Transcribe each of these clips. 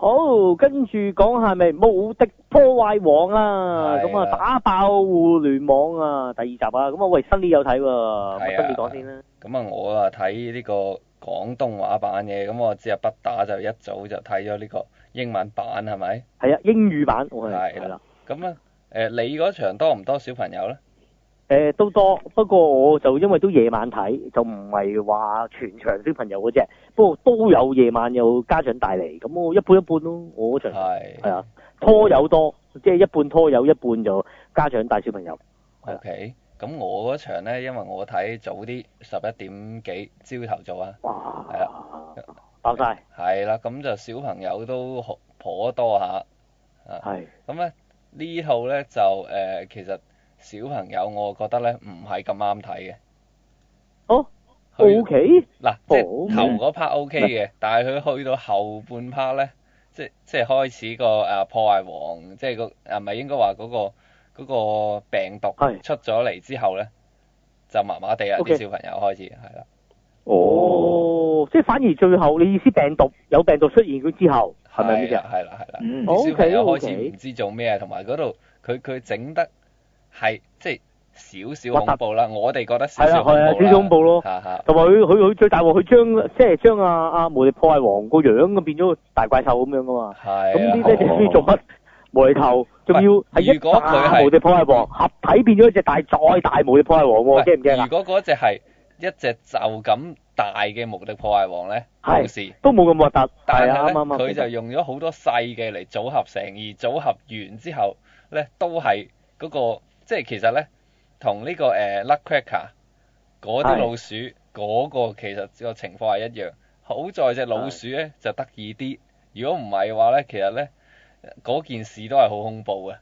好，跟住講係咪無敵破壞王啊？咁啊，打爆互聯網啊！第二集啊，咁啊，喂，新啲有睇喎，乜跟住講先啦？咁啊，啊我啊睇呢個廣東話版嘅，咁我知啊，不打就一早就睇咗呢個英文版係咪？係啊，英語版我係啦。咁啊，誒，你嗰場多唔多小朋友咧？誒、呃，都多，不過我就因為都夜晚睇，就唔係話全場小朋友嗰隻，不過都有夜晚有家長帶嚟，咁我一半一半咯，我場係係是啊，拖友多，即、就、係、是、一半拖友，一半就家長帶小朋友。OK，咁我嗰場呢，因為我睇早啲，十一點幾，朝頭早,上早上啊，係哇啊，爆晒炸。係啦、啊，咁、啊、就小朋友都可頗多下，啊，咁咧、啊、是呢套呢，就誒、呃，其實。小朋友，我覺得咧唔係咁啱睇嘅。哦，O K，嗱，oh, okay? 即係、oh, okay. 頭嗰 part O K 嘅，但係佢去到後半 part 咧，即即係開始個誒破壞王，即係、嗰個誒咪應該話嗰、嗰個嗰個病毒出咗嚟之後咧，yes. 就麻麻地啊，啲小朋友開始係啦。哦，oh, oh. 即係反而最後你意思病毒有病毒出現咗之後係咪先？係啦係啦，啲、啊啊啊 mm. 小朋友開始唔知做咩，同埋嗰度佢佢整得。係即係少少恐怖啦，我哋覺得係啦，係啊，少少恐怖咯。同埋佢佢佢最大鑊，佢將即係將阿阿無敵破壞王個樣咁變咗個大怪獸咁樣噶嘛。係。咁呢隻係做乜？無厘頭，仲要係如果佢係無敵破壞王合體變咗一隻大再大無敵破壞王喎，驚唔驚？如果嗰隻係一隻就咁大嘅無敵破壞王咧，冇事，都冇咁核突。但係啱啱，佢就用咗好多細嘅嚟組合成，而組合完之後咧，都係嗰個。即係其實咧，同呢、個誒 Luckcracker 嗰啲老鼠嗰是的 個其實個情況係一樣。好在隻老鼠咧是的 就得意啲，如果唔係嘅話咧，其實咧嗰件事都係好恐怖嘅。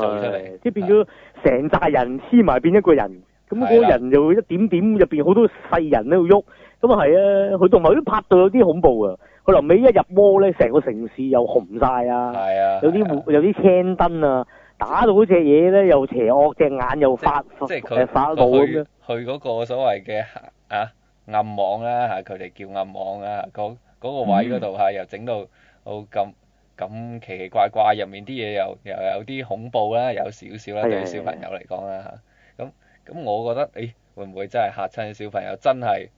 走是的 出嚟，即係變咗成扎人黐埋變一個人，咁嗰是的 個人就會一點點入邊好多細人喺度喐，咁啊係啊，佢同埋都拍到有啲恐怖啊！佢臨尾一入窩咧，成個城市又紅晒啊，有啲有啲青燈啊。打到隻嘢咧，又邪惡，隻眼又發，即係佢佢去嗰個所謂嘅啊暗網啦佢哋叫暗網啦。嗰、嗰個位嗰度、啊、又整到好咁咁奇奇怪怪，入面啲嘢又又有啲恐怖啦，有少少啦，對小朋友嚟講啦咁咁我覺得誒、欸，會唔會真係嚇親小朋友？真係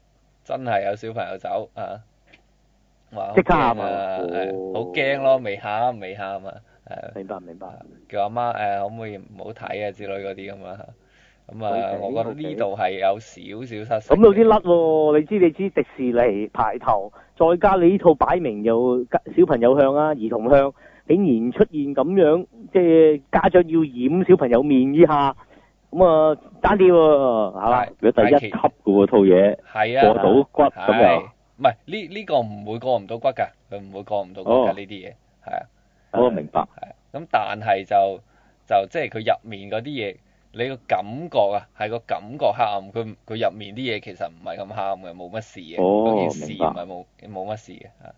真係有小朋友走即刻喊啊！好驚、啊啊啊哎、咯，未喊未喊啊！明白明白，明白叫阿媽誒，可唔可以唔好睇啊之類嗰啲咁啊？咁啊，okay, 我覺得呢度係有少少失。咁有啲甩喎，你知你知，迪士尼排頭，再加你呢套擺明又小朋友向啊，兒童向，竟然出現咁樣，即係家長要掩小朋友面以下，咁是啊，單啲喎，係嘛？佢第一級噶喎，套嘢，啊、過到骨咁，啊、樣，唔係呢呢個唔會過唔到骨噶，佢唔會過唔到骨噶呢啲嘢，係、oh. 啊。我都明白，係咁，但係就就即係佢入面嗰啲嘢，你個感覺啊，係個感覺黑暗，佢佢入面啲嘢其實唔係咁黑暗嘅，冇乜事嘅，嗰、哦、件事唔係冇冇乜事嘅，吓，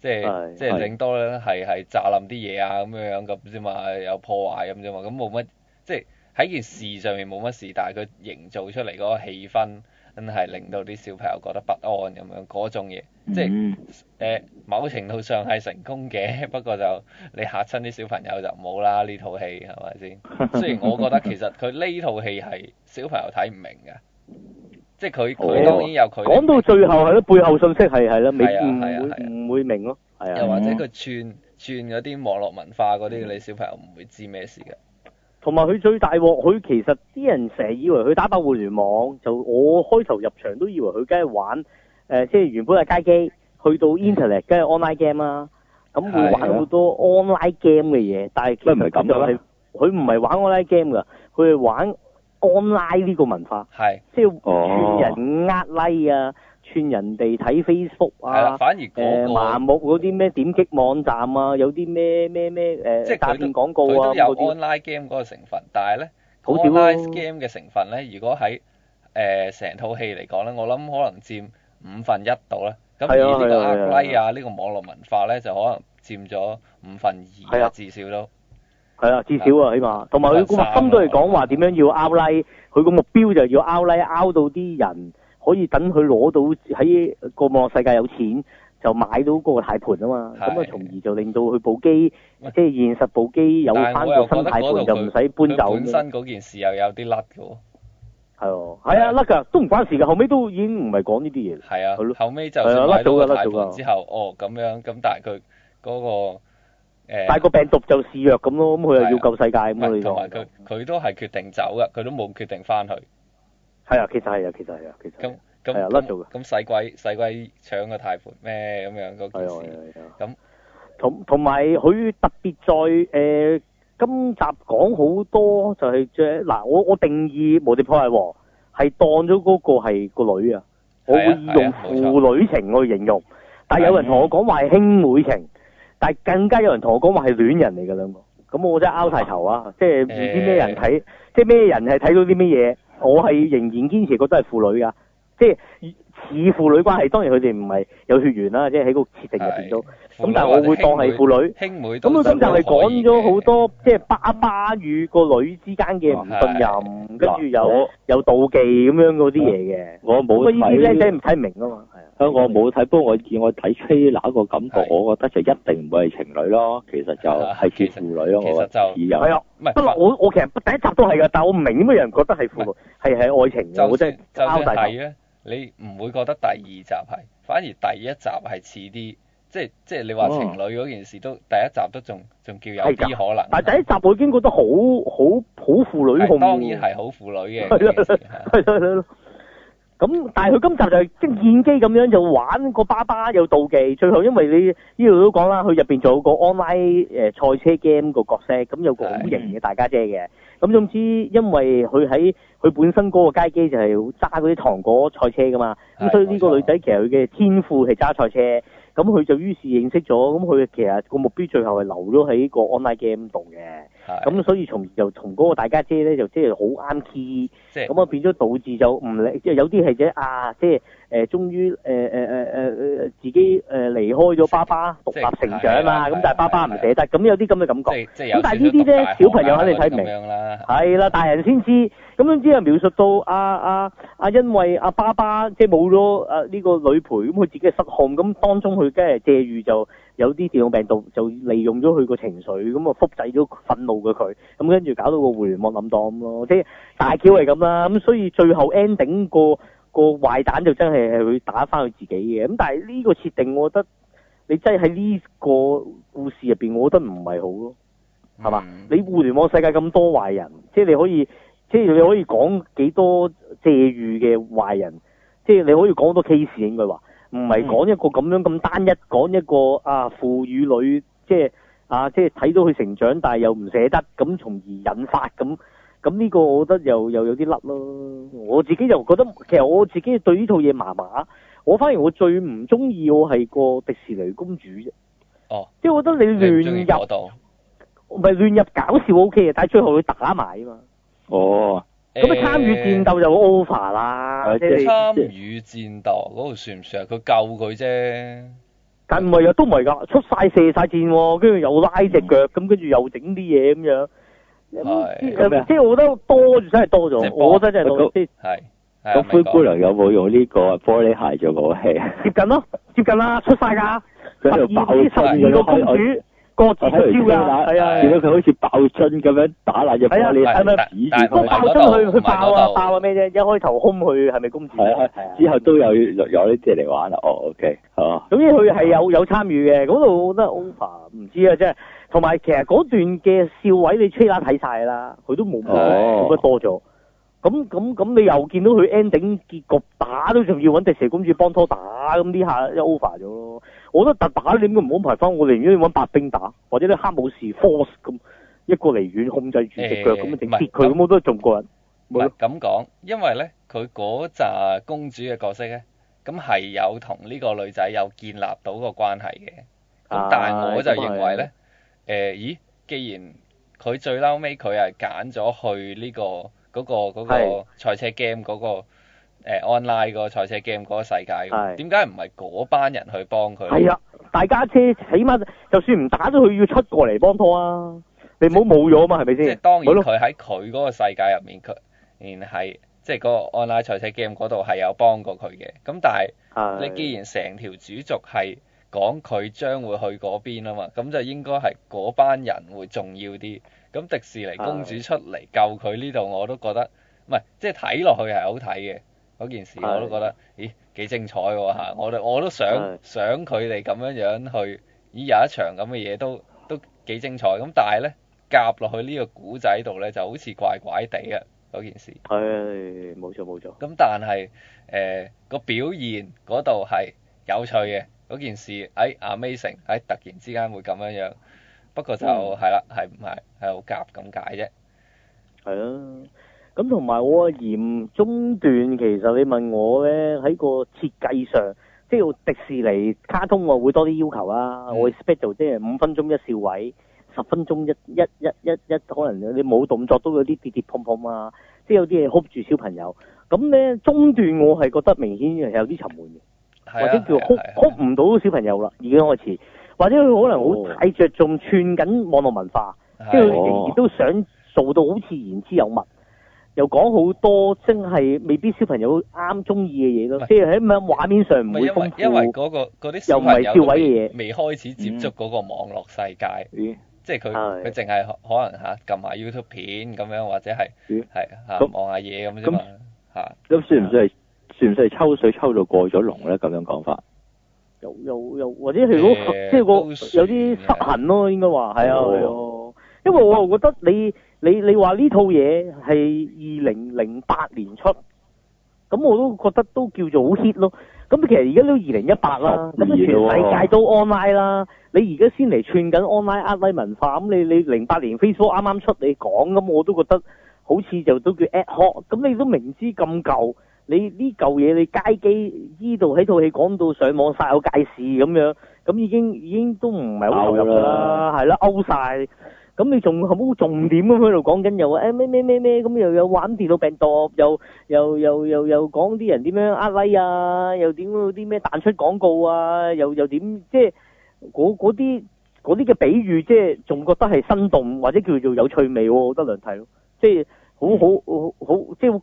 即係即係整多咧係係炸冧啲嘢啊咁樣樣咁啫嘛，有破壞咁啫嘛，咁冇乜，即係喺件事上面冇乜事，但係佢營造出嚟嗰個氣氛。真係令到啲小朋友覺得不安咁樣嗰種嘢，嗯、即係誒、欸、某程度上係成功嘅，不過就你嚇親啲小朋友就冇啦，呢套戲係咪先？ 雖然我覺得其實佢呢套戲係小朋友睇唔明嘅，即係佢佢當然有佢講到最後係咯，背後信息係係咯，你唔會唔會明咯。係啊，又或者佢串串嗰啲網絡文化嗰啲，嗯、你小朋友唔會知咩事嘅。同埋佢最大鑊，佢其實啲人成日以為佢打爆互聯網，就我開頭入場都以為佢梗係玩、呃、即係原本係街機，去到 Internet 梗係 online game 啦，咁會玩好多 online game 嘅嘢。的但係其實咁樣就係佢唔係玩 online game 㗎，佢係玩 online 呢個文化，的即係串人呃 like 啊。哦串人哋睇 Facebook 啊，係啦，反而誒盲目嗰啲咩點擊網站啊，有啲咩咩咩誒，即係佢佢都有 online game 嗰個成分，但係咧 online game 嘅成分咧，如果喺誒成套戲嚟講咧，我諗可能佔五分一度咧，咁而呢個 outlie 啊，呢個網絡文化咧就可能佔咗五分二，至少都係啊，至少啊，起碼同埋佢公眾心都係講話點樣要 outline，佢個目標就要 outline out 到啲人。可以等佢攞到喺個網絡世界有錢，就買到嗰個軚盤啊嘛，咁啊，從而就令到佢部機，即係現實部機有翻個新軚盤，就唔使搬走。本身嗰件事又有啲甩嘅喎，係哦，係啊，甩噶，都唔關事噶，後尾都已經唔係講呢啲嘢啦。係啊，後尾就甩咗，甩咗之後，哦咁樣咁，但係佢嗰個誒帶個病毒就試藥咁咯，咁佢又要救世界咁啊，同埋佢佢都係決定走嘅，佢都冇決定翻去。係啊，其實係啊，其實係啊，其實咁咁甩咗嘅。咁使鬼使鬼搶個貸款咩咁樣嗰件事？咁同同埋佢特別在誒今集講好多就係即嗱，我我定義無敵破壞王係當咗嗰個係個女啊，我會用父女情我去形容，但係有人同我講話係兄妹情，但係更加有人同我講話係戀人嚟㗎啦，咁我真係拗晒頭啊！即係唔知咩人睇，即係咩人係睇到啲咩嘢？我係仍然堅持覺得係父女噶，即係。似父女關係，當然佢哋唔係有血緣啦，即係喺個設定入邊都，咁但係我會當係父女，兄妹，咁佢咁就係講咗好多，即係爸爸與個女之間嘅唔信任，跟住有有妒忌咁樣嗰啲嘢嘅。我冇，不過呢你靚仔唔睇明啊嘛？係啊，香港冇睇，不過我以我睇吹那一個感覺，我覺得就一定唔會係情侶咯。其實就係似父女咯，我係啊，係啊，不過我我其實第一集都係噶，但係我唔明點解有人覺得係父女，係係愛情嘅，我真係交大你唔會覺得第二集係，反而第一集係似啲，即係即係你話情侶嗰件事都，第一集都仲仲叫有啲可能、啊。但第一集我已經覺得好好好父女控。當然係好父女嘅。咁但係佢今集就係即見機咁樣就玩個爸爸有妒忌，最後因為你呢度都講啦，佢入面仲有個 online 誒、呃、賽車 game 個角色，咁有個好型嘅大家姐嘅。咁總之，因為佢喺佢本身嗰個街機就係揸嗰啲糖果賽車噶嘛，咁的所以呢個女仔其實佢嘅天賦係揸賽車，咁佢錯就於是認識咗，咁佢其實個目標最後係留咗喺個 online game 度嘅，咁的所以從而就同嗰個大家姐咧就即係好啱 key，咁啊變咗導致就唔理，即係有啲係即係啊即係。就是誒，終於誒誒誒誒誒，自己誒離開咗爸爸，獨立成長啊！咁但係爸爸唔捨得，咁有啲咁嘅感覺。咁但係呢啲咧，小朋友肯定睇唔明，係啦，大人先知。咁總之啊，描述到阿阿阿，因為阿爸爸即係冇咗誒呢個女陪，咁佢自己係失控，咁當中佢梗係借喻就有啲電腦病毒，就利用咗佢個情緒，咁啊複製咗憤怒嘅佢，咁跟住搞到個互聯網冧蕩咁咯。即係大橋係咁啦，咁所以最後 ending 個。個壞蛋就真係係去打翻佢自己嘅，咁但係呢個設定，我覺得你真係喺呢個故事入邊，我覺得唔係好咯，係嘛？mm hmm.？你互聯網世界咁多壞人，即係你可以，即係你可以講幾多借喻嘅壞人，即係你可以講多 case 應該話，唔係講一個咁樣咁單一，講一個啊父與女，即係啊即係睇到佢成長，但係又唔捨得咁，從而引發咁。咁呢個我覺得又又有啲甩咯，我自己又覺得其實我自己對呢套嘢麻麻，我反而我最唔中意我係個迪士尼公主啫，哦，即係我覺得你亂入，唔係亂入搞笑 OK，但係最後佢打埋啊嘛，哦，咁啊參與戰鬥就好 over 啦，參與戰鬥嗰度算唔算？佢救佢啫，但唔係啊，都唔係噶，出晒射晒箭，哦，跟住又拉隻腳，咁跟住又整啲嘢咁樣。咁即係我覺得多，真係多咗。我真係多啲。係個灰姑娘有冇用呢個玻璃鞋做武器？接近咯，接近啦，出晒噶。佢喺度爆樽嘅公主，個招啊！見到佢好似爆樽咁樣打爛隻玻璃鞋。係咪紙？爆樽去去爆啊！爆啊咩啫？一開頭空去係咪公主？之後都有有呢隻嚟玩啦。哦，OK，哦。咁佢係有有參與嘅。嗰度我覺得 over，唔知啊，即係。同埋，其實嗰段嘅笑位你吹喇睇晒啦，佢都冇乜、oh. 多咗。咁咁咁，你又見到佢 ending 結局打都仲要揾迪士尼公主幫拖打，咁呢下一就 over 咗。我覺得特打啲咁嘅唔安排翻，我寧願揾白兵打，或者啲黑武士 force 咁一,一個離遠控制住隻腳咁、欸、樣直接佢，咁我不那都仲過人。唔係咁講，因為咧佢嗰扎公主嘅角色咧，咁係有同呢個女仔有建立到個關係嘅。咁但係我就認為咧。哎就是誒，咦、欸？既然佢最嬲尾佢係揀咗去呢、這個嗰、那個嗰、那個賽車 game 嗰、那個的、嗯、online 個賽車 game 嗰個世界，點解唔係嗰班人去幫佢？係啊，大家車起碼就算唔打咗，佢要出過嚟幫拖啊！你唔好冇咗啊嘛，係咪先？吧即係當然，佢喺佢嗰個世界入面，佢然係即係個 online 賽車 game 嗰度係有幫過佢嘅。咁但係的你既然成條主軸係，講佢將會去嗰邊啊嘛，咁就應該係嗰班人會重要啲。咁迪士尼公主出嚟救佢呢度，我都覺得唔係，即係睇落去係好睇嘅嗰件事，我都覺得咦幾精彩喎吓！我我都想想佢哋咁樣樣去，咦有一場咁嘅嘢都都幾精彩。咁但係呢夾落去呢個古仔度呢，就好似怪怪地啊嗰件事。係冇錯冇錯。咁但係誒個表現嗰度係有趣嘅。嗰件事，喺、哎、amazing，哎、突然之間會咁樣樣。不過就係啦，係唔係，係好夾咁解啫。係啊。咁同埋我嫌中段，其實你問我咧，喺個設計上，即係迪士尼卡通我會多啲要求啊。嗯、我會 expect 到即係五分鐘一笑位，十分鐘一一一一一可能你冇動作都有啲跌跌碰碰啊，即係有啲嘢 hold 住小朋友。咁咧中段我係覺得明顯有啲沉悶嘅。或者叫哭哭唔到小朋友啦，已經開始。或者佢可能好太著重串緊網絡文化，即係佢仍然都想做到好似言之有物，又講好多真係未必小朋友啱中意嘅嘢咯。即係喺咁樣畫面上唔會因為因為嗰個嗰啲小朋友未未開始接觸嗰個網絡世界，即係佢佢淨係可能嚇撳下 YouTube 片咁樣，或者係係望下嘢咁啫嘛吓。咁算唔算？算唔算係抽水抽到過咗龍咧？咁樣講法，又又又或者如果即係個有啲也失衡咯，應該話係啊，係啊，因為我又覺得你你你話呢套嘢，係二零零八年出，咁我都覺得都叫做好 hit 咯。咁其實而家都二零一八啦，咁全世界都 online 啦。你而家先嚟串緊 online n e 文化，咁你你零八年 Facebook 啱啱出你講咁，我都覺得好似就都叫 at h o 咁你都明知咁舊。你呢嚿嘢你街機呢度喺套戲講到上網晒，有界事咁樣，咁已經已經都唔係好投入啦，係啦，勾晒。咁你仲好重點咁喺度講緊，又話咩咩咩咩咁，又有玩電腦病毒，又又又又又講啲人點樣啊 like 呀，啊，又點嗰啲咩彈出廣告啊，又又點即係嗰啲嗰啲嘅比喻，即係仲覺得係生動或者叫做有趣味？啊，我覺得梁睇咯，即係。好好好好，即係好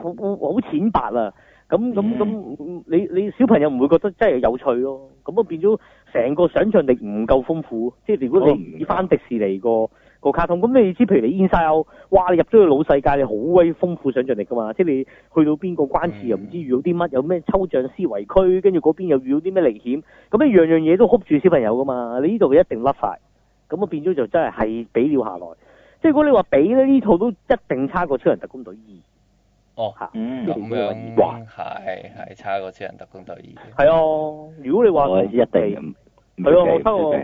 好、就是、淺白啊！咁咁咁，你你小朋友唔會覺得真係有趣咯、啊。咁啊變咗成個想像力唔夠豐富。即、就、係、是、如果你要翻迪士尼個個卡通，咁你知，譬如你《Inside Out》，哇！你入咗去老世界，你好威豐富想像力噶嘛。即、就、係、是、你去到邊個關事，又唔知遇到啲乜，有咩抽象思維區，跟住嗰邊又遇到啲咩危險，咁樣樣嘢都 hold 住小朋友噶嘛。你呢度一定甩晒。咁啊變咗就真係係比料下來。即係如果你話比咧，呢套都一定差過超人特工隊二。哦，咁樣哇，係係差過超人特工隊二。係啊，如果你話同期，一定唔唔係啊，我差我。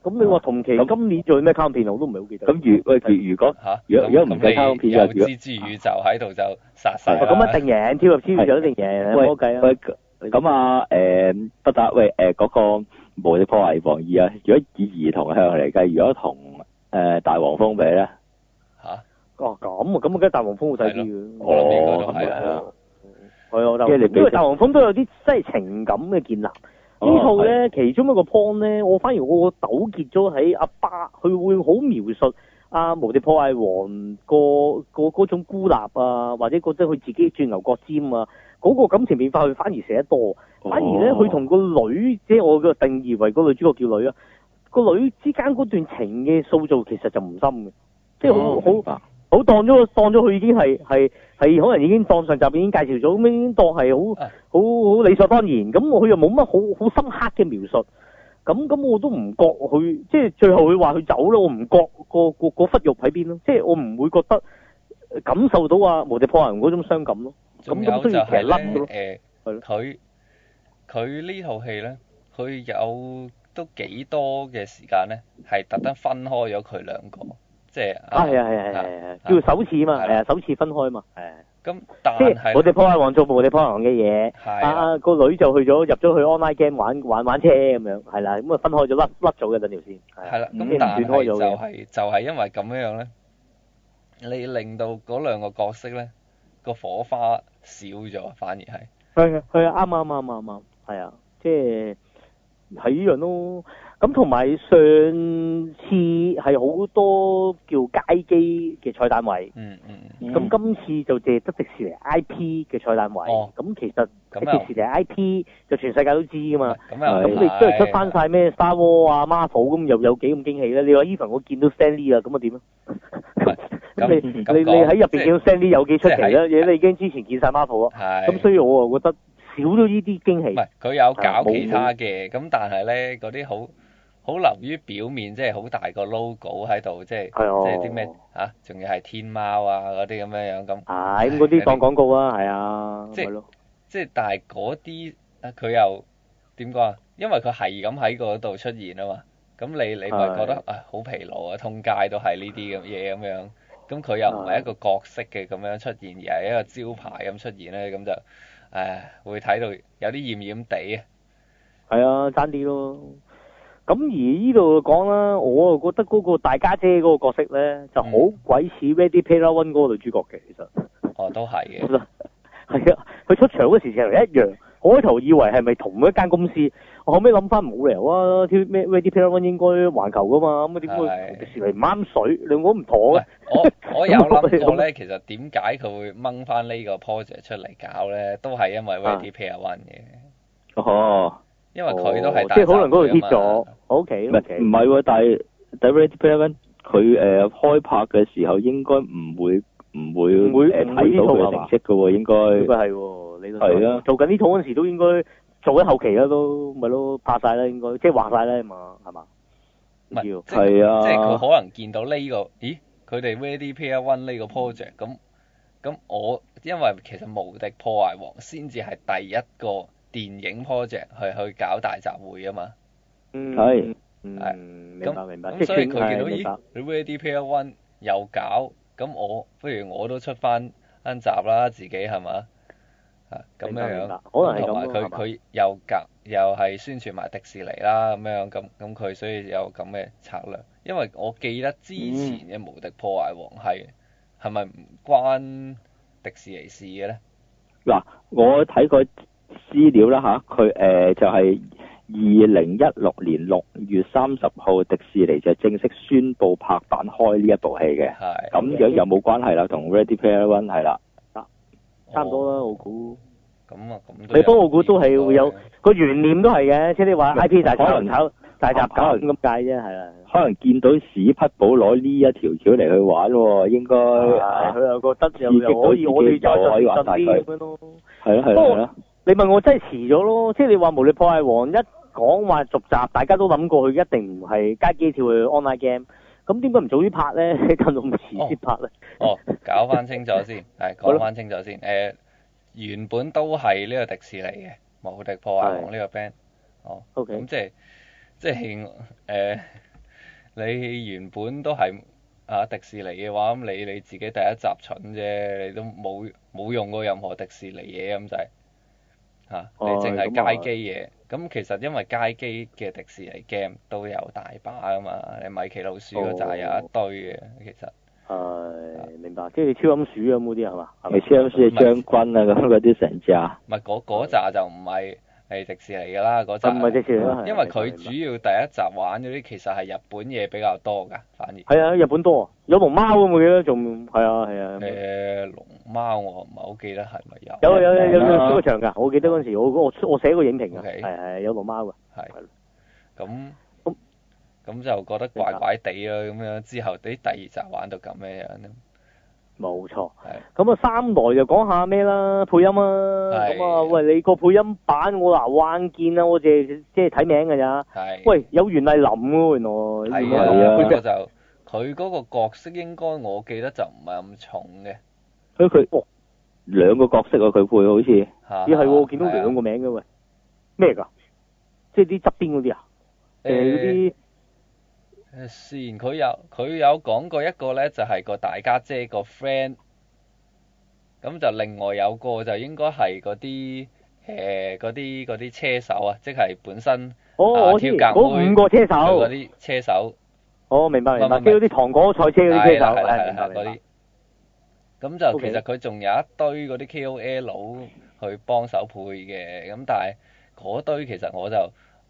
咁你話同期今年做咩卡 a m 我都唔係好記得。咁如喂，如果嚇，如果如果唔計卡 a 片，p a i 就，有知喺度就殺咁一定贏，超超一定贏，計喂，咁啊誒，不喂嗰個無破壞防二啊，如果以兒童向嚟計，如果同。誒、呃，大黃蜂比咧吓？哇，咁啊，咁啊，梗係大黃蜂好睇啲嘅。係啊，係啊，即、哦、因為大黃蜂都有啲真係情感嘅建立。哦、套呢套咧，的其中一個 point 咧，我反而我糾結咗喺阿爸，佢會好描述阿無敵破壞王個個嗰種孤立啊，或者覺得佢自己鑽牛角尖啊，嗰、那個感情變化，佢反而寫得多。哦、反而咧，佢同個女，即係我嘅定義為個女主角叫女啊。個女之間嗰段情嘅塑造其實就唔深嘅，即係好好好當咗當咗佢已經係係係可能已經當上集已經介紹咗，咁已經當係好好好理所當然。咁我佢又冇乜好好深刻嘅描述。咁咁我都唔覺佢即係最後佢話佢走咯，我唔覺個個個骨肉喺邊咯。即係我唔會覺得感受到啊無敵破人嗰種傷感咯。咁咁都要其實甩咗誒，佢佢、呃、的呢套戲咧，佢有。都幾多嘅時間咧，係特登分開咗佢兩個，即係啊係啊係係係係，叫首次啊嘛，係啊首次分開啊嘛，係咁，但係我哋係開做部我哋鋪開黃嘅嘢，啊個女就去咗入咗去 online game 玩玩玩車咁樣，係啦，咁啊分開咗甩甩咗嘅陣條線，係啦，咁但係就係就係因為咁樣咧，你令到嗰兩個角色咧個火花少咗，反而係，係啱啱啱啱啱，係啊，即係。係依樣咯、哦，咁同埋上次係好多叫街機嘅菜單位，嗯嗯，咁、嗯、今次就淨得迪士尼 IP 嘅菜單位，咁、哦、其實迪士尼 IP 就全世界都知噶嘛，咁你都係出翻晒咩 Star Wars 啊，啊 Marvel 咁又有幾咁驚喜咧？你話 Even 我見到 Stan Lee 啊，咁啊點啊？咁 你你你喺入邊見到 Stan Lee 有幾出奇嘢是你已經之前見晒 Marvel 啦的，咁、啊、所以我啊覺得。少咗呢啲驚喜。唔係佢有搞其他嘅，咁但係咧嗰啲好好流於表面，即係好大個 logo 喺度，即係即係啲咩，仲要係天貓啊嗰啲咁樣樣咁。咁，嗰啲放廣告啊，係啊，即係即係，但係嗰啲佢又點講啊？因為佢係咁喺嗰度出現啊嘛。咁你你咪覺得唉好疲勞啊，通街都係呢啲嘢咁樣。咁佢又唔係一個角色嘅咁樣出現，而係一個招牌咁出現咧，咁就。誒，會睇到有啲厭厭哋啊，係啊，爭啲咯。咁而呢度講啦，我又覺得嗰個大家姐嗰個角色咧，就好鬼似《Ready Player One》嗰個女主角嘅，其實哦，都係嘅，係 啊，佢出場嗰時成日一樣，我一開頭以為係咪同一間公司。後尾諗翻冇理由呀！Ready Player One 應該環球噶嘛？咁啊點會的時嚟唔啱水，兩個唔妥嘅。我我有諗過咧， 其實點解佢會掹翻呢個 project 出嚟搞咧？都係因為 Ready Player One 嘅。啊、哦，因為佢都係即係可能嗰度跌咗。O K 唔唔係喎，但係 Ready Player One 佢、呃、開拍嘅時候應該唔會唔會會睇到佢成績嘅喎，呃、式的應該應該係喎，你都係啦。的做緊呢套嗰時都應該。做咗後期啦，都咪都拍晒啦，應該即係畫晒啦嘛，係嘛？唔係，即要即係佢、啊、可能見到呢、這個，咦？佢哋 Re《Ready Player One》呢個 project 咁，咁我因為其實無敵破壞王先至係第一個電影 project 係去，去搞大集會啊嘛。嗯。係。嗯、明白。咁所以佢見到咦，《Ready Player One》又搞，咁我不如我都出翻一集啦，自己係嘛？啊，咁樣樣，我係咁，佢佢吧又隔又係宣傳埋迪士尼啦，咁樣咁咁佢所以有咁嘅策略。因為我記得之前嘅《無敵破壞王》係係咪唔關迪士尼事嘅咧？嗱，我睇過資料啦吓，佢、啊呃、就係二零一六年六月三十號迪士尼就正式宣布拍板開呢一部戲嘅。咁的樣有冇關係啦？同《Ready Player One》係啦。差唔多啦，我估。咁啊，咁你幫我估都係會有個懸念都係嘅，即係你話 I P 大集、大集搞咁解啫，係啦。可能見到史匹堡攞呢一條橋嚟去玩喎，應該佢又覺得刺激到自己可以玩大啲咁樣咯。係啊，係啊，不過你問我真係遲咗咯，即係你話無敵破壞王一講話續集，大家都諗過佢一定唔係街機跳去 online game。咁點解唔早啲拍咧？咁到遲先拍咧、哦？哦，搞翻清楚先，係講翻清楚先。誒、呃，原本都係呢個迪士尼嘅《冇的敵破壞王》呢個 band 的。哦，OK。咁 Okay、嗯、即係即係誒、呃，你原本都係嚇、啊、迪士尼嘅話，咁你你自己第一集蠢啫，你都冇冇用過任何迪士尼嘢咁就係，你淨係街機嘢。啊。咁、嗯、其實因為街機嘅迪士尼 game 都有大把啊嘛，你米奇老鼠嗰扎有一堆嘅、哦、其實，係、uh, 係明白，即係超音鼠咁嗰啲係嘛？咪、嗯、超音鼠嘅將軍啊咁嗰啲成扎，唔係嗰嗰扎就唔係。係迪士尼噶啦嗰陣，因為佢主要第一集玩嗰啲其實係日本嘢，比較多噶反而係啊日本多，有龍貓咁，我記得，仲係啊係啊。呃龍貓我唔係好記得係咪有？有有有有個場噶，我記得嗰時我我我寫過影評啊，係係、啊啊呃、有龍貓噶，係。咁咁咁就覺得怪怪地咯，咁樣之後啲第二集玩到咁嘅樣，樣。冇錯，咁啊三代就講下咩啦，配音啊，咁啊，喂，你個配音版我嗱幻見啦，我淨係即係睇名㗎咋，喂，有袁麗林喎原來，係啊，不過就佢嗰個角色應該我記得就唔係咁重嘅，佢佢哦兩個角色啊佢配好似，咦你係我見到兩個名嘅喂，咩㗎？即係啲側邊嗰啲啊，誒嗰啲。雖然佢有佢有講過一個咧，就係、是、個大家姐個 friend。咁就另外有個就應該係嗰啲嗰啲啲車手、哦、啊，即係本身挑格嗰五個車手。車手。哦，明白。明白，K 啲糖果賽車嗰啲車手。咁就其實佢仲 okay. 有一堆嗰啲 K O L 佬去幫手配嘅，咁但係嗰堆其實我就。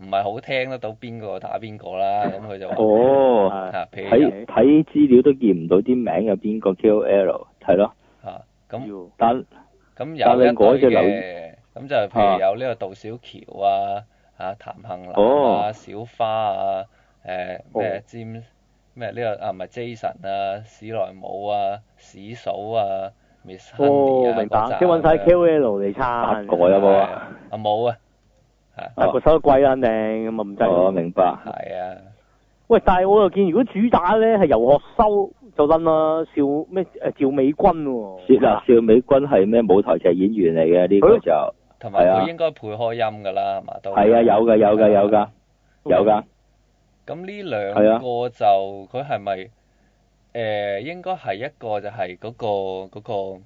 唔係好聽得到邊個打邊個啦，咁佢就話哦，睇睇資料都見唔到啲名有邊個 K O L？係咯，嚇咁，但咁有一對嘅，咁就譬如有呢個杜小喬啊，嚇譚杏林啊，小花啊，誒咩 James，咩呢個啊唔係 Jason 啊，史萊姆啊，史嫂啊，Miss 亨利啊，打過有冇啊？啊冇啊。啊！個收得貴啦，靚咁啊，唔得。我明白，係啊。喂，但係我又見，如果主打咧係游學修就真啦，邵咩？誒，邵美君喎。嗱，邵美君係咩舞台劇演員嚟嘅？呢個就同埋佢應該配開音噶啦，係嘛？係啊，有噶有噶有噶有噶。咁呢兩個就佢係咪誒？應該係一個就係嗰個嗰個，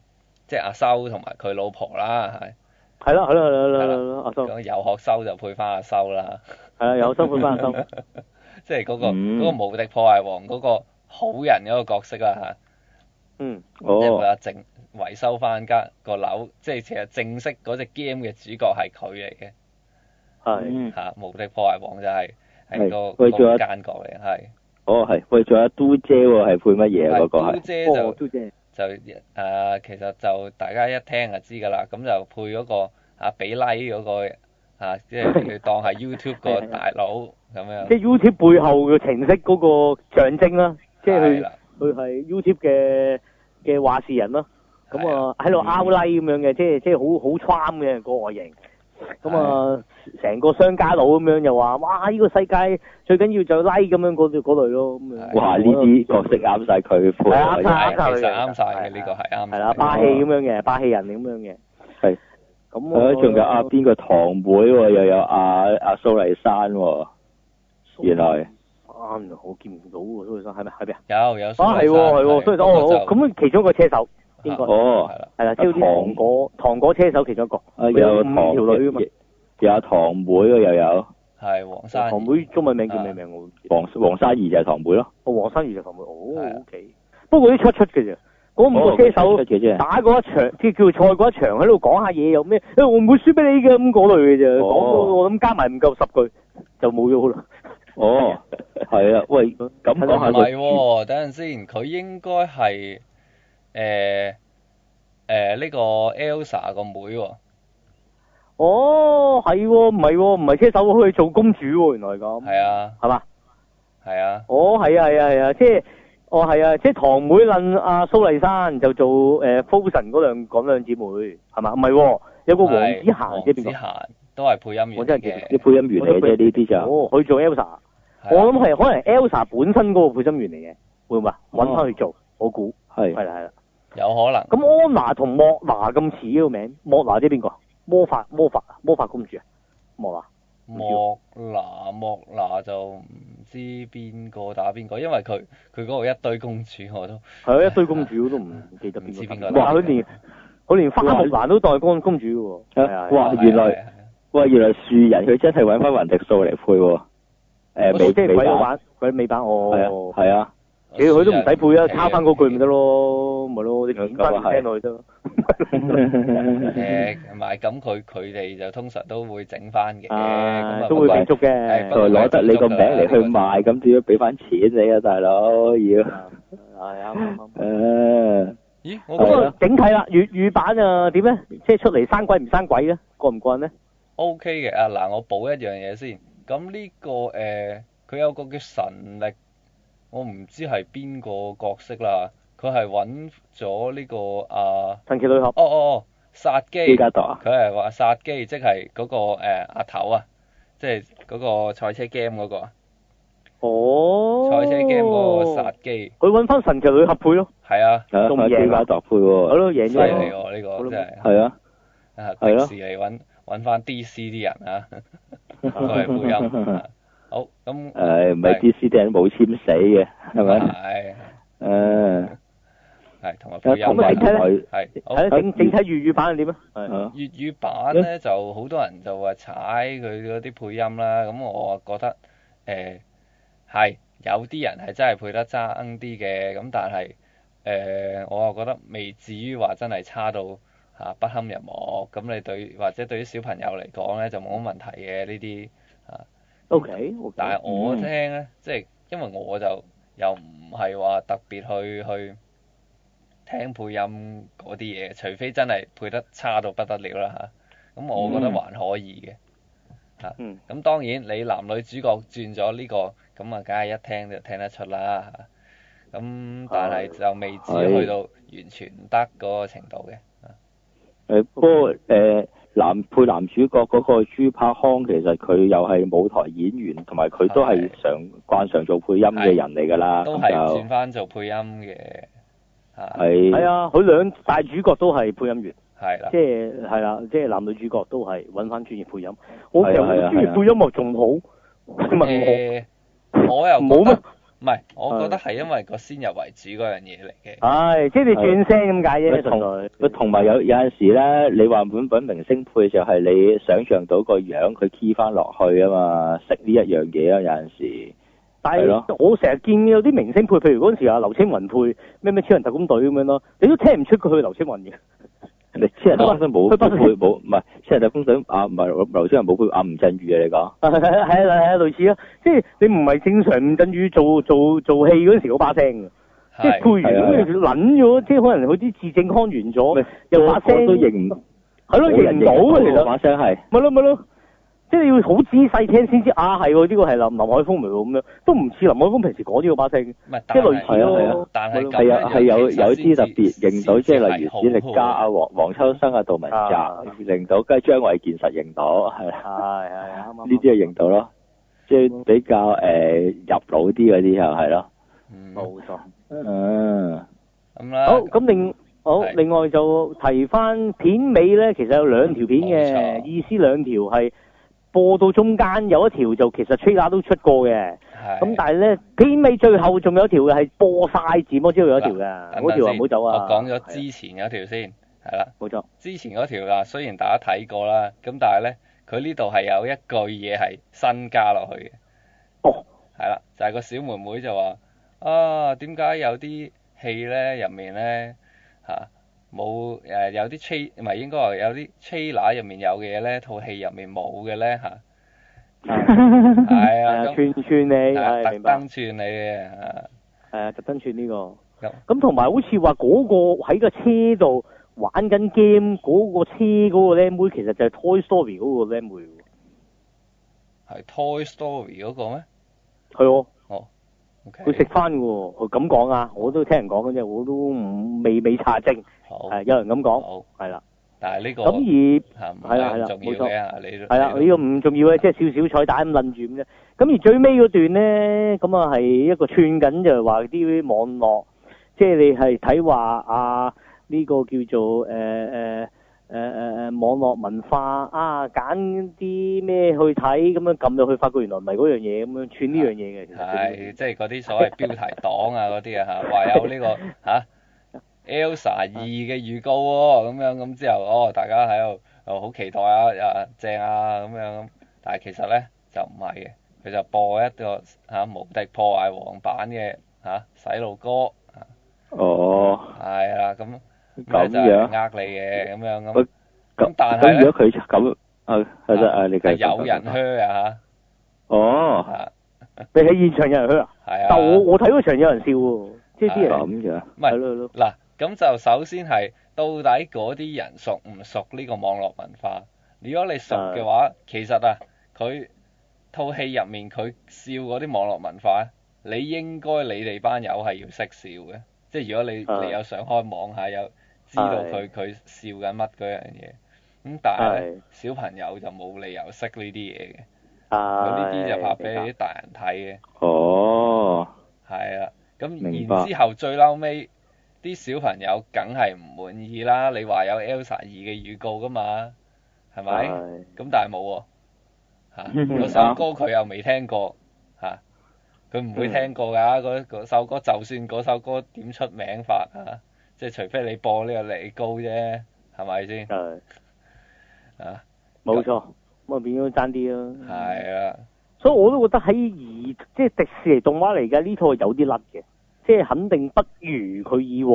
即係阿修同埋佢老婆啦，係。係咯，係咯，係咯，係咯阿修，游學修就配翻阿修啦，係啊，游學修配翻阿修，即係嗰個嗰個無敵破壞王嗰個好人嗰個角色啊吓。嗯哦，即係佢阿正維修翻間個樓，即係其實正式嗰隻 game 嘅主角係佢嚟嘅，係吓，無敵破壞王就係係個奸角嚟。係，哦係。喂，仲有嘟姐喎係配乜嘢啊都個係？就呃，其實就大家一聽就知㗎啦，咁就配嗰個阿比拉嗰個啊，即係佢當係 YouTube 嗰個大佬咁樣。即係 YouTube 背後嘅程式嗰個象徵啦，即係佢佢係 YouTube 嘅嘅話事人咯。咁啊喺度 out like 咁樣嘅，即係即係好好 charm 嘅個外形。咁啊，成個商家佬咁樣又話，哇！呢個世界最緊要就拉咁樣嗰嗰類咯，咁哇！呢啲角色啱晒佢配，係啱晒，啱嘅呢個係啱，係啦。霸氣咁樣嘅，霸氣人咁樣嘅，係咁。仲有啊邊個堂妹喎，又有阿啊蘇麗珊喎，原來啱我見唔到喎，蘇麗珊係咪？係咪啊？有有蘇係喎。蘇麗珊，我好咁其中一個車手。邊個係啦？係啦，即啲糖果糖果車手其中一個。有五條女啊嘛，又有堂妹喎，又有係黃生。堂妹中文名叫咩名？黃黃生兒就係堂妹咯。哦，黃生兒就堂妹。哦，O K。不過啲出出嘅啫，嗰五個車手打過一場，即叫賽過一場喺度講下嘢有咩？誒，我唔會輸俾你嘅咁嗰類嘅啫，講多咁加埋唔夠十句就冇咗啦。哦，係啊，喂，咁講下佢，等陣先，佢應該係。誒誒，呢個 Elsa 個妹喎。哦，係喎，唔係喎，唔係車手可以做公主喎，原來係咁。係啊。係嘛？係啊。哦，係啊，係啊，係啊，即係，哦，係啊，即係堂妹論阿蘇麗珊就做誒 Frozen 嗰兩講兩姊妹係嘛？唔係，有個王子涵喺邊個？王子涵都係配音員，我真係其實配音員嚟啫，呢啲就。去做 Elsa，我諗係可能 Elsa 本身嗰個配音員嚟嘅，會唔會啊？搵翻去做，我估係，係啦，係啦。有可能。咁安娜同莫娜咁似個名，莫娜即係邊個？魔法魔法魔法公主啊？莫娜。莫娜莫娜就唔知邊個打邊個，因為佢佢嗰度一堆公主我都。係啊，一堆公主都唔記得邊個。哇！佢連佢連花木蘭都代當公主嘅喎。係啊。哇！原來哇原來樹人佢真係搵翻雲迪素嚟配。誒，尾尾板。佢尾板我。係啊。佢佢都唔使配啊，抄翻嗰句咪得咯，咪咯，啲兩句聽落去啫。誒，唔係咁佢佢哋就通常都會整翻嘅，都會俾足嘅，就攞得你個名嚟去賣，咁都要俾翻錢你啊，大佬要。係啊，誒，咦，我覺得整體啦，粵語版啊，點咧？即係出嚟生鬼唔生鬼咧，過唔慣咧？OK 嘅，嗱，我補一樣嘢先。咁呢個誒，佢有個叫神力。我唔知係邊個角色啦，佢係揾咗呢個啊神奇女俠，哦，哦，殺機，佢係話殺機，即係嗰個阿頭啊，即係嗰個賽車 game 嗰個啊。哦。賽車 game 嗰個殺機，佢揾翻神奇女俠配咯。係啊，仲贏幾家配喎？係贏犀利喎，呢個真係。係啊。迪士尼揾翻 D C 啲人啊，佢係配音。好，咁唔係啲 C.D. 冇簽死嘅，係咪是？係，同埋配音。佢整整體粵語版係點啊？係啊。粵語版咧就好多人就話踩佢嗰啲配音啦。咁、嗯、我啊覺得誒係、呃、有啲人係真係配得差啲嘅。咁但係誒、呃，我覺得未至於話真係差到不堪入目。咁你對或者對於小朋友嚟講咧就冇乜問題嘅呢啲啊。O Okay , K，okay, 但係我聽咧，即係、嗯、因為我就又唔係話特別去去聽配音嗰啲嘢，除非真係配得差到不得了啦嚇。咁、啊、我覺得還可以嘅嚇。咁、嗯啊、當然你男女主角轉咗呢、這個，咁啊梗係一聽就聽得出啦嚇。咁、啊、但係就未至於去到完全唔得嗰個程度嘅。誒、嗯，不過誒。Uh 男配男主角嗰個朱柏康，其實佢又係舞台演員，同埋佢都係常慣常做配音嘅人嚟噶啦，咁就轉翻做配音嘅，係係啊，佢兩大主角都係配音員，係啦，即係係啦，即係男女主角都係揾翻專業配音，我哋專業配音又仲好，咁我我又冇咩？唔係，我覺得係因為個先入為主嗰樣嘢嚟嘅。唉，即係你轉聲咁解啫。同埋有有陣時咧，你話本品明星配就係你想象到個樣，佢 key 翻落去啊嘛，食呢一樣嘢啊。有陣時，但係我成日見有啲明星配，譬如嗰陣時啊，劉青雲配咩咩超人特工隊咁樣咯，你都聽唔出佢係劉青雲嘅。你私人嘅風聲冇，佢本身冇，唔係，私人大風水啊，唔係劉先人冇佢阿吳鎮宇嚟講，係係係類似啊，即你唔係正常吳鎮宇做做做戲嗰陣時嗰把聲嘅，即係配完佢住咗，即可能佢啲字正腔圓咗，又把聲都認唔到，係咯，認唔到啊，其實把聲係，咪咯咪咯。即係你要好仔細聽先知啊，係喎，呢個係林林海峰嚟會咁樣，都唔似林海峰平時講呢個把聲，即係類似咯。但係係啊，係有有啲特別認到，即係例如史力嘉啊、黃黃秋生啊、杜汶澤認到，跟張衞健實認到，係係係啱啱呢啲就認到囉。即係比較誒入腦啲嗰啲又係咯。冇錯。嗯。咁啦。好，咁另好另外就提返片尾呢，其實有兩條片嘅意思，兩條係。播到中間有一條就其實 trailer 都出過嘅，咁的但係咧片尾最後仲有條係播晒字幕之後有一條嘅，嗰條唔好條走啊！我講咗之前嗰條先，係啦，冇錯。之前嗰條啦，雖然大家睇過啦，咁但係咧，佢呢度係有一句嘢係新加落去嘅，哦，係啦，就係、是、個小妹妹就話啊點解有啲戲咧入面咧嚇？啊冇誒、呃，有啲吹，唔係應該話有啲 trailer 入面有嘅嘢咧，套戲入面冇嘅咧嚇，係啊，哎、呀啊串串你係，啊、特登串你嘅，係啊，特登串呢、呢個。咁，同埋好似話嗰個喺個車度玩緊 game，嗰個車嗰個僆妹其實就係 Toy Story 嗰個僆妹喎。係 Toy Story 嗰個咩？係喎、哦。佢食翻喎，咁講啊，我都聽人講嘅啫，我都唔未未查證，係好、啊、有人咁講，係啦好。的但係呢個咁而係啦係啦，冇錯，係啦呢個唔重要嘅，即係少少彩蛋咁諗住咁啫。咁而最尾嗰段咧，咁啊係一個串緊就係話啲網絡，即、就、係、是、你係睇話啊呢、這個叫做誒誒。啊啊誒誒誒，網絡文化啊，揀啲咩去睇，咁樣撳入去，發覺原來唔係嗰樣嘢，咁樣串呢樣嘢嘅。係的，即係嗰啲所謂標題黨啊、， 這個、啊，嗰啲 啊吓，話有呢個吓 Elsa 二嘅預告喎，咁樣咁之後，哦，大家喺度好期待啊，又、啊、正啊，咁樣咁，但係其實咧就唔係嘅，佢就播一個吓、啊、無敵破壞王版嘅吓、啊、洗腦歌。哦。係啊，咁。咁樣呃你嘅咁樣咁咁，但係咧，如果佢咁啊，係咯，啊，你繼續有人噓啊嚇，哦，啊，你喺現場有人噓啊，係啊，但係我我睇嗰場有人笑喎，即係啲人咁樣，唔係，嗱，咁就首先係到底嗰啲人熟唔熟呢個網絡文化？如果你熟嘅話，其實啊，佢套戲入面佢笑嗰啲網絡文化，你應該你哋班友係要識笑嘅，即係如果你你有上開網下有。知道佢佢笑緊乜嗰樣嘢，咁是的 但係小朋友就冇理由識呢啲嘢嘅，佢呢啲就拍俾啲大人睇嘅。哦。係啦，咁然之後最嬲尾啲小朋友梗係唔滿意啦。你話有《Elsa 二》嘅預告噶嘛？係咪？咁是的 但係冇喎，嗰、 啊、首歌佢又未聽過，佢、啊、唔會聽過㗎。嗰、嗯、首歌就算嗰首歌點出名法啊？即係除非你播呢個嚟高啫，係咪先？係對。冇、啊、錯，咁啊變咗爭啲咯。係啦，了所以我都覺得喺而即係迪士尼動畫嚟嘅呢套係有啲甩嘅，即係肯定不如佢以往。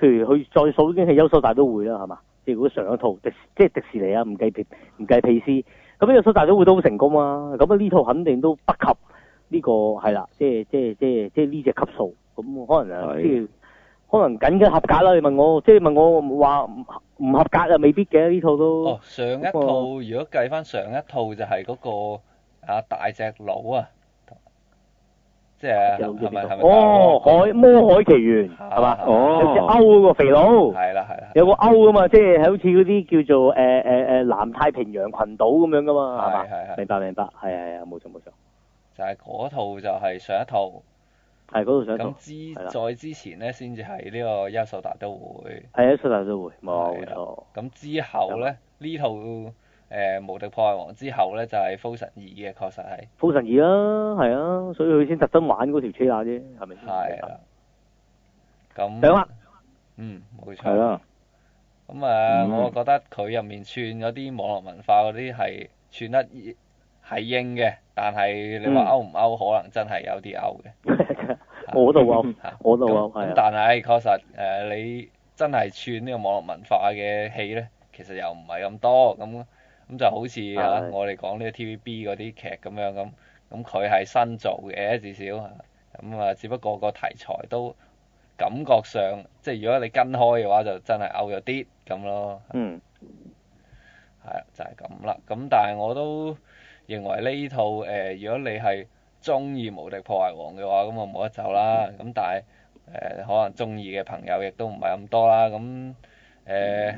譬如佢再數已經係《優秀大都會》啦，係嘛？即係如果上一套迪即係迪士尼啊，唔計片唔計皮斯，咁《優秀大都會》都好成功啊。咁啊呢套肯定都不及呢、這個係啦，即係即係即係即係呢隻級數，咁可能啊即係可能緊緊合格啦，你問我，即係問我話唔合格啊，未必嘅呢套都。哦，上一套如果計翻上一套就係嗰個啊大隻佬啊，即係係咪係咪？哦，海魔海奇緣係嘛？哦，好似歐嗰個肥佬。係啦係啦。有個歐㗎嘛，即係好似嗰啲叫做誒誒誒南太平洋群島咁樣噶嘛，係嘛？係係。明白明白，係係係冇錯冇錯。就係嗰套就係上一套。係嗰度咁之在之前呢，先至係呢個優獸大都會。係優獸大都會，冇錯。咁之後呢，呢套誒無敵破壞王之後呢，就係封神二嘅，確實係。封神二啦，係啊，所以佢先特登玩嗰條車架啫，係咪先？係啦。咁。嗯，冇錯。咁啊、嗯嗯，我覺得佢入面串嗰啲網絡文化嗰啲係串得係應嘅，但係你話勾唔勾，嗯、可能真係有啲勾嘅。我度啊，我度啊，咁但係確實、呃、你真係串呢個網絡文化嘅戲呢，其實又唔係咁多，咁咁就好似、啊、我哋講呢個 T V B 嗰啲劇咁樣咁，咁佢係新做嘅至少，咁啊只不過個題材都感覺上即係如果你跟開嘅話就、嗯嗯，就真係 out 咗啲咁咯。嗯。係啊，就係咁啦。咁但係我都認為呢套、呃、如果你係。中意無敵破壞王嘅話，咁就冇得走啦。咁但係誒，可能中意嘅朋友亦都唔係咁多啦。咁誒，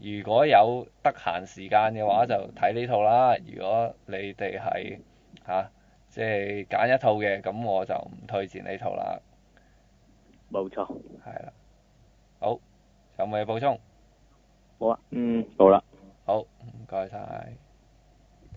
如果有得閒時間嘅話，就睇呢套啦。如果你哋係吓，即係揀一套嘅，咁我就唔推薦呢套啦。冇錯，係啦。好，有冇嘢補充？好啊。嗯，好啦。好，唔該曬。